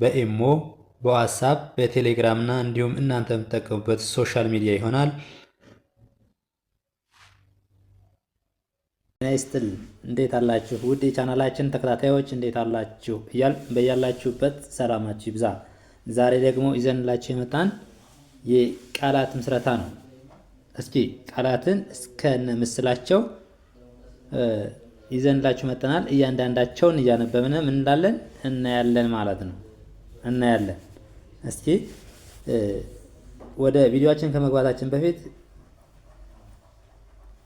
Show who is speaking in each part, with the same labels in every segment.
Speaker 1: በኤሞ በዋትሳፕ በቴሌግራም እና እንዲሁም እናንተ የምትጠቀሙበት ሶሻል ሚዲያ ይሆናል። ናይስትል እንዴት አላችሁ? ውድ የቻናላችን ተከታታዮች እንዴት አላችሁ? እያል በያላችሁበት ሰላማችሁ ይብዛ። ዛሬ ደግሞ ይዘንላችሁ የመጣን የቃላት ምስረታ ነው። እስኪ ቃላትን እስከነ ምስላቸው ይዘንላችሁ መጠናል። እያንዳንዳቸውን እያነበብን ምን እንላለን እናያለን ማለት ነው። እናያለን። እስኪ ወደ ቪዲዮአችን ከመግባታችን በፊት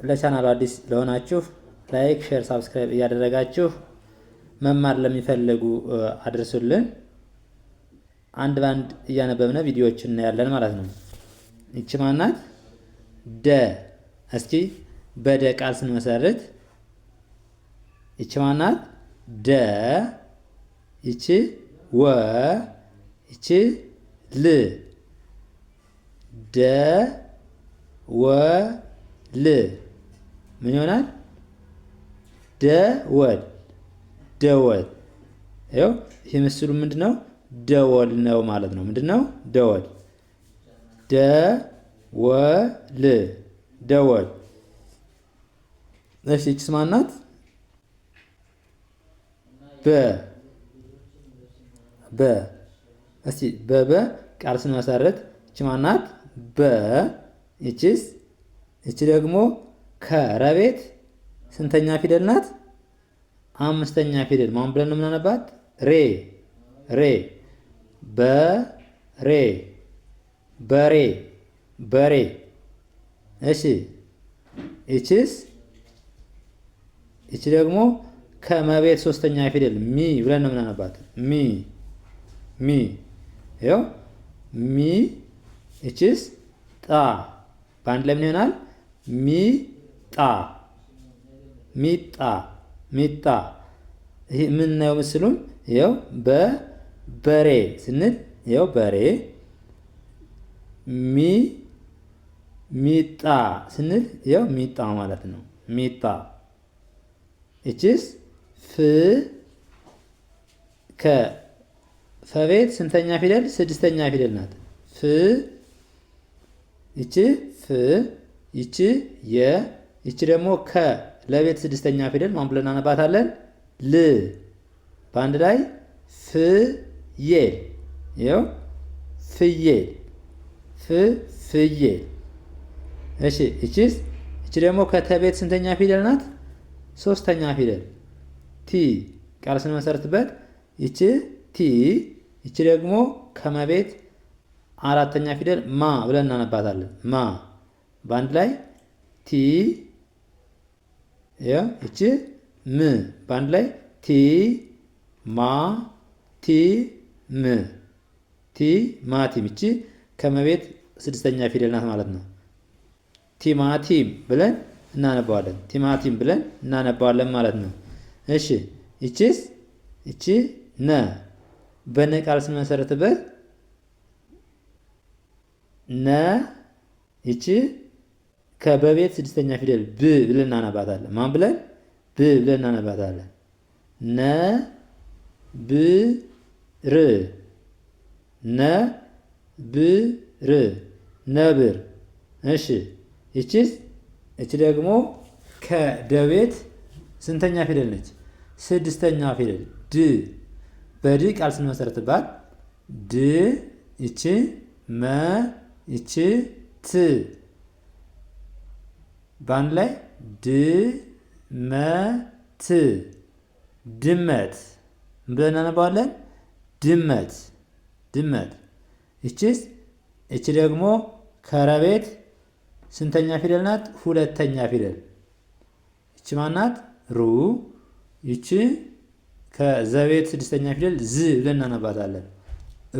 Speaker 1: ለቻናሉ አዲስ ለሆናችሁ ላይክ፣ ሼር፣ ሳብስክራይብ እያደረጋችሁ መማር ለሚፈልጉ አድርሱልን። አንድ ባንድ እያነበብነ ቪዲዮዎችን እናያለን ማለት ነው። ይቺ ማናት? ደ እስኪ በደ ቃል ስንመሰርት ይቺ ማናት? ደ ይቺ ወ እች ል ደ ወ ል ምን ይሆናል? ደወል ደወል። ይኸው ይህ ምስሉ ምንድን ነው? ደወል ነው ማለት ነው። ምንድን ነው? ደወል ደወል ደወል። እሺ ይችስ ማናት? በ በ እስቲ በበ ቃል ስንመሰረት እቺ ማናት? በ እቺስ እቺ ደግሞ ከረቤት ስንተኛ ፊደል ናት? አምስተኛ ፊደል ማን ብለን የምናነባት? ሬ ሬ በ ሬ በሬ በሬ። እሺ እቺስ እቺ ደግሞ ከመቤት ሶስተኛ ፊደል ሚ ብለን ነው የምናነባት ሚ ሚ ይኸው ሚ እችስ ጣ በአንድ ላይ ምን ይሆናል? ሚጣ ሚጣ ሚጣ። ይህ የምናየው ምስሉም ይኸው በበሬ ስንል ይኸው በሬ ሚ ሚጣ ስንል ይኸው ሚጣ ማለት ነው። ሚጣ እችስ ፍ ከ ፈቤት ስንተኛ ፊደል? ስድስተኛ ፊደል ናት። ፍ ይቺ ፍ ይቺ የ ይቺ ደግሞ ከ ለቤት ስድስተኛ ፊደል ማን ብለን እናነባታለን? ል በአንድ ላይ ፍየል። ይኸው ፍየል ፍ ፍየል። እሺ ይቺስ ይቺ ደግሞ ከተቤት ስንተኛ ፊደል ናት? ሶስተኛ ፊደል ቲ ቃል ስንመሰርትበት ይቺ ቲ ይቺ ደግሞ ከመቤት አራተኛ ፊደል ማ ብለን እናነባታለን። ማ በአንድ ላይ ቲ ይቺ ም በአንድ ላይ ቲ ማ ቲ ም ቲ ማቲም። ይቺ ከመቤት ስድስተኛ ፊደል ናት ማለት ነው። ቲማቲም ብለን እናነባዋለን። ቲማቲም ብለን እናነባዋለን ማለት ነው። እሺ ይቺስ ይቺ ነ በነ ቃል ስመሰረትበት ነ ይቺ ከበቤት ስድስተኛ ፊደል ብ ብለን እናነባታለን። ማን ብለን ብ ብለን እናነባታለን። ነ ብ ር ነ ብ ር ነብር። እሺ ይቺስ እቺ ደግሞ ከደቤት ስንተኛ ፊደል ነች? ስድስተኛ ፊደል ድ በድ ቃል ስንመሰረትባት ድ ይቺ መ ይቺ ት በአንድ ላይ ድ መ ት ድመት ብለን እናነባዋለን። ድመት ድመት። ይቺስ ይቺ ደግሞ ከረቤት ስንተኛ ፊደል ናት? ሁለተኛ ፊደል። ይቺ ማናት? ሩ ይቺ ከዘቤት ስድስተኛ ፊደል ዝ ብለን እናነባታለን።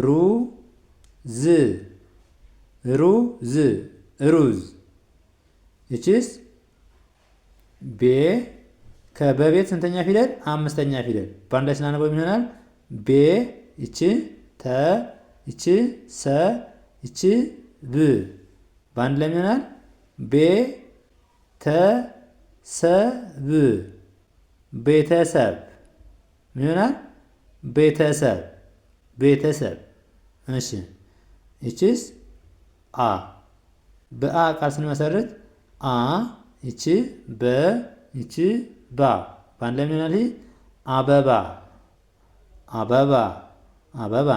Speaker 1: ሩ ዝ ሩ ዝ ሩዝ። ይቺስ ቤ ከበቤት ስንተኛ ፊደል? አምስተኛ ፊደል። በአንድ ላይ ስናነበው ይሆናል ቤ ይቺ ተ ይቺ ሰ ይቺ ብ በአንድ ላይ ይሆናል ቤ ተ ሰ ብ ቤተሰብ ምን ይሆናል? ቤተሰብ ቤተሰብ። እሺ ይቺስ አ በአ ቃል ስንመሰርት አ ይቺ በ ይቺ ባ በአንድ ላይ ምን ይሆናል? አበባ አበባ አበባ።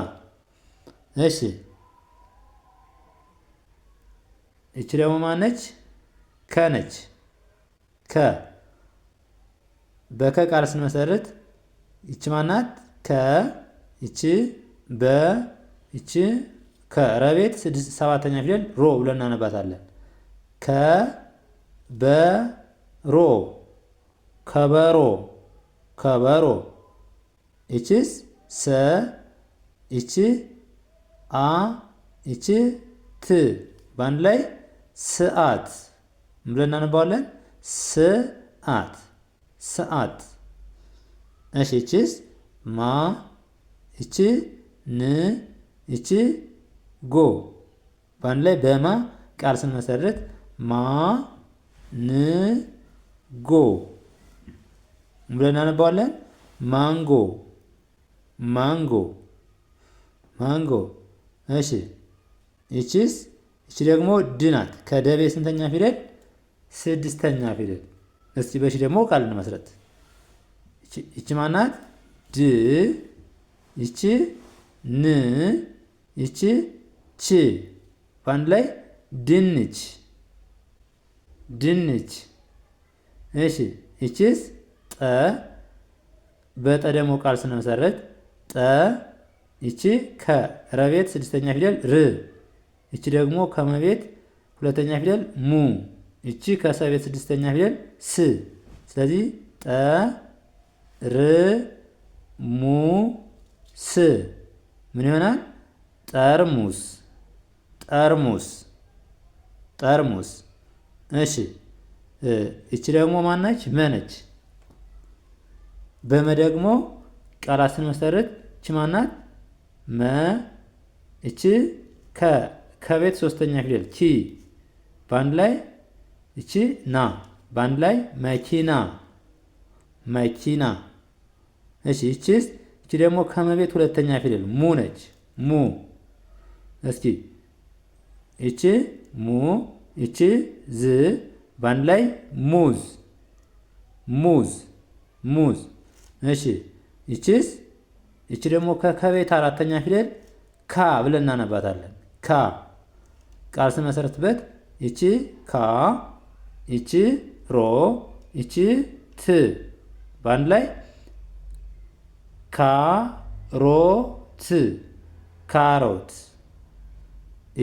Speaker 1: እሺ ይቺ ደግሞ ማነች? ከነች ከ በከ ቃል ስንመሰርት ይች ማናት? ከ ይቺ በ ይቺ ከረቤት ስድስት ሰባተኛ ፊደል ሮ ብለን እናነባታለን። ከ በ ሮ ከበሮ ከበሮ። ይቺስ ሰ ይቺ አ ይቺ ት በአንድ ላይ ስአት ብለን እናነባዋለን። ስአት ስአት እሺ እቺስ ማ እቺ ን እቺ ጎ በአንድ ላይ በማ ቃል ስንመሰረት ማ ን ጎ ብለን እናነባዋለን። ማንጎ ማንጎ ማንጎ። እሺ ይቺስ ይቺ ደግሞ ድ ናት። ከደቤ ስንተኛ ፊደል? ስድስተኛ ፊደል። እስቲ በሺ ደግሞ ቃል እንመስረት ይቺ ማናት? ድ ይቺ ን ይቺ ች በአንድ ላይ ድንች ድንች። እሺ ይቺስ ጠ በጠ ደግሞ ቃል ስንመሰረት ጠ ይቺ ከረቤት ስድስተኛ ፊደል ር ይቺ ደግሞ ከመቤት ሁለተኛ ፊደል ሙ ይቺ ከሰቤት ስድስተኛ ፊደል ስ ስለዚህ ጠ ር ሙ ስ ምን ይሆናል? ጠርሙስ ጠርሙስ ጠርሙስ። እሺ እቺ ደግሞ ማናች? መነች። በመ ደግሞ ቃላት ስንመሰርት እቺ ማናት? መ እቺ ከ ከቤት ሶስተኛ ፊደል ቺ በአንድ ላይ እቺ ና በአንድ ላይ መኪና መኪና እሺ እቺስ እቺ ደግሞ ከመቤት ሁለተኛ ፊደል ሙ ነች። ሙ እስኪ እቺ ሙ እቺ ዝ በአንድ ላይ ሙዝ ሙዝ ሙዝ። እሺ እቺስ እቺ ደግሞ ከከቤት አራተኛ ፊደል ካ ብለን እናነባታለን። ካ ቃል ስመሰረትበት እቺ ካ እቺ ሮ እቺ ት በአንድ ላይ ካሮት ካሮት።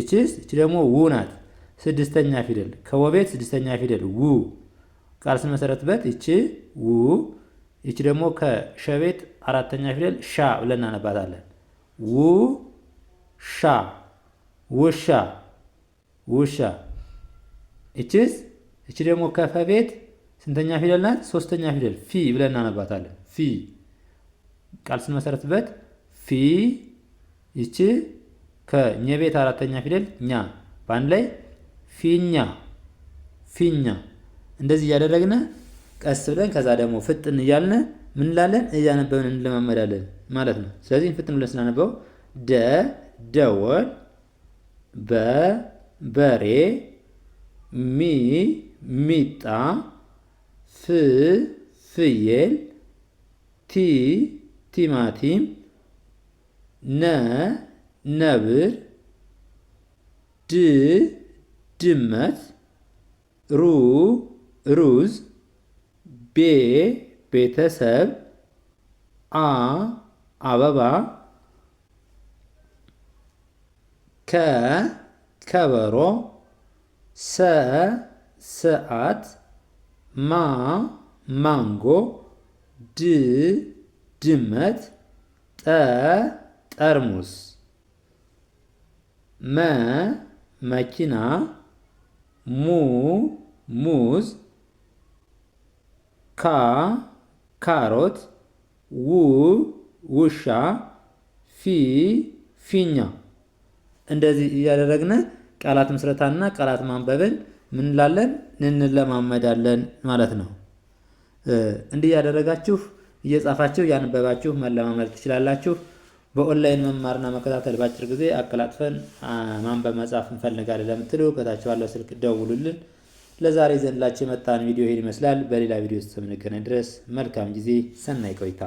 Speaker 1: እቺስ እቺ ደግሞ ው ናት። ስድስተኛ ፊደል ከወቤት ስድስተኛ ፊደል ው ቃል ስንመሰረትበት እቺ ው ይቺ ደግሞ ከሸቤት አራተኛ ፊደል ሻ ብለን እናነባታለን። ውሻ ውሻ ውሻ። ይቺስ ይቺ ደግሞ ከፈቤት ስንተኛ ፊደል ናት? ሶስተኛ ፊደል ፊ ብለን እናነባታለን ፊ ቃል ስንመሰረትበት ፊ ይቺ ከኘ ቤት አራተኛ ፊደል ኛ በአንድ ላይ ፊኛ ፊኛ እንደዚህ እያደረግን ቀስ ብለን ከዛ ደግሞ ፍጥን እያልን ምን እንላለን እያነበብን እንለማመዳለን ማለት ነው። ስለዚህ ፍጥን ብለን ስናነበው ደ ደወል በ በሬ ሚ ሚጣ ፍ ፍየል ቲ ቲማቲም ነ ነብር ድ ድመት ሩ ሩዝ ቤ ቤተሰብ አ አበባ ከ ከበሮ ሰ ሰዓት ማ ማንጎ ድ ድመት ጠ ጠርሙስ መ መኪና ሙ ሙዝ ካ ካሮት ው ውሻ ፊ ፊኛ እንደዚህ እያደረግን ቃላት ምስረታና ቃላት ማንበብን ምን እንላለን እንለማመዳለን ማለት ነው። እንዲህ እያደረጋችሁ እየጻፋችሁ እያነበባችሁ መለማመድ ትችላላችሁ። በኦንላይን መማርና መከታተል በአጭር ጊዜ አቀላጥፈን ማንበብ መጻፍ እንፈልጋለን ለምትሉ ከታች ባለው ስልክ ደውሉልን። ለዛሬ ዘንድላችሁ የመጣን ቪዲዮ ይሄን ይመስላል። በሌላ ቪዲዮ እስከምንገናኝ ድረስ መልካም ጊዜ፣ ሰናይ ቆይታ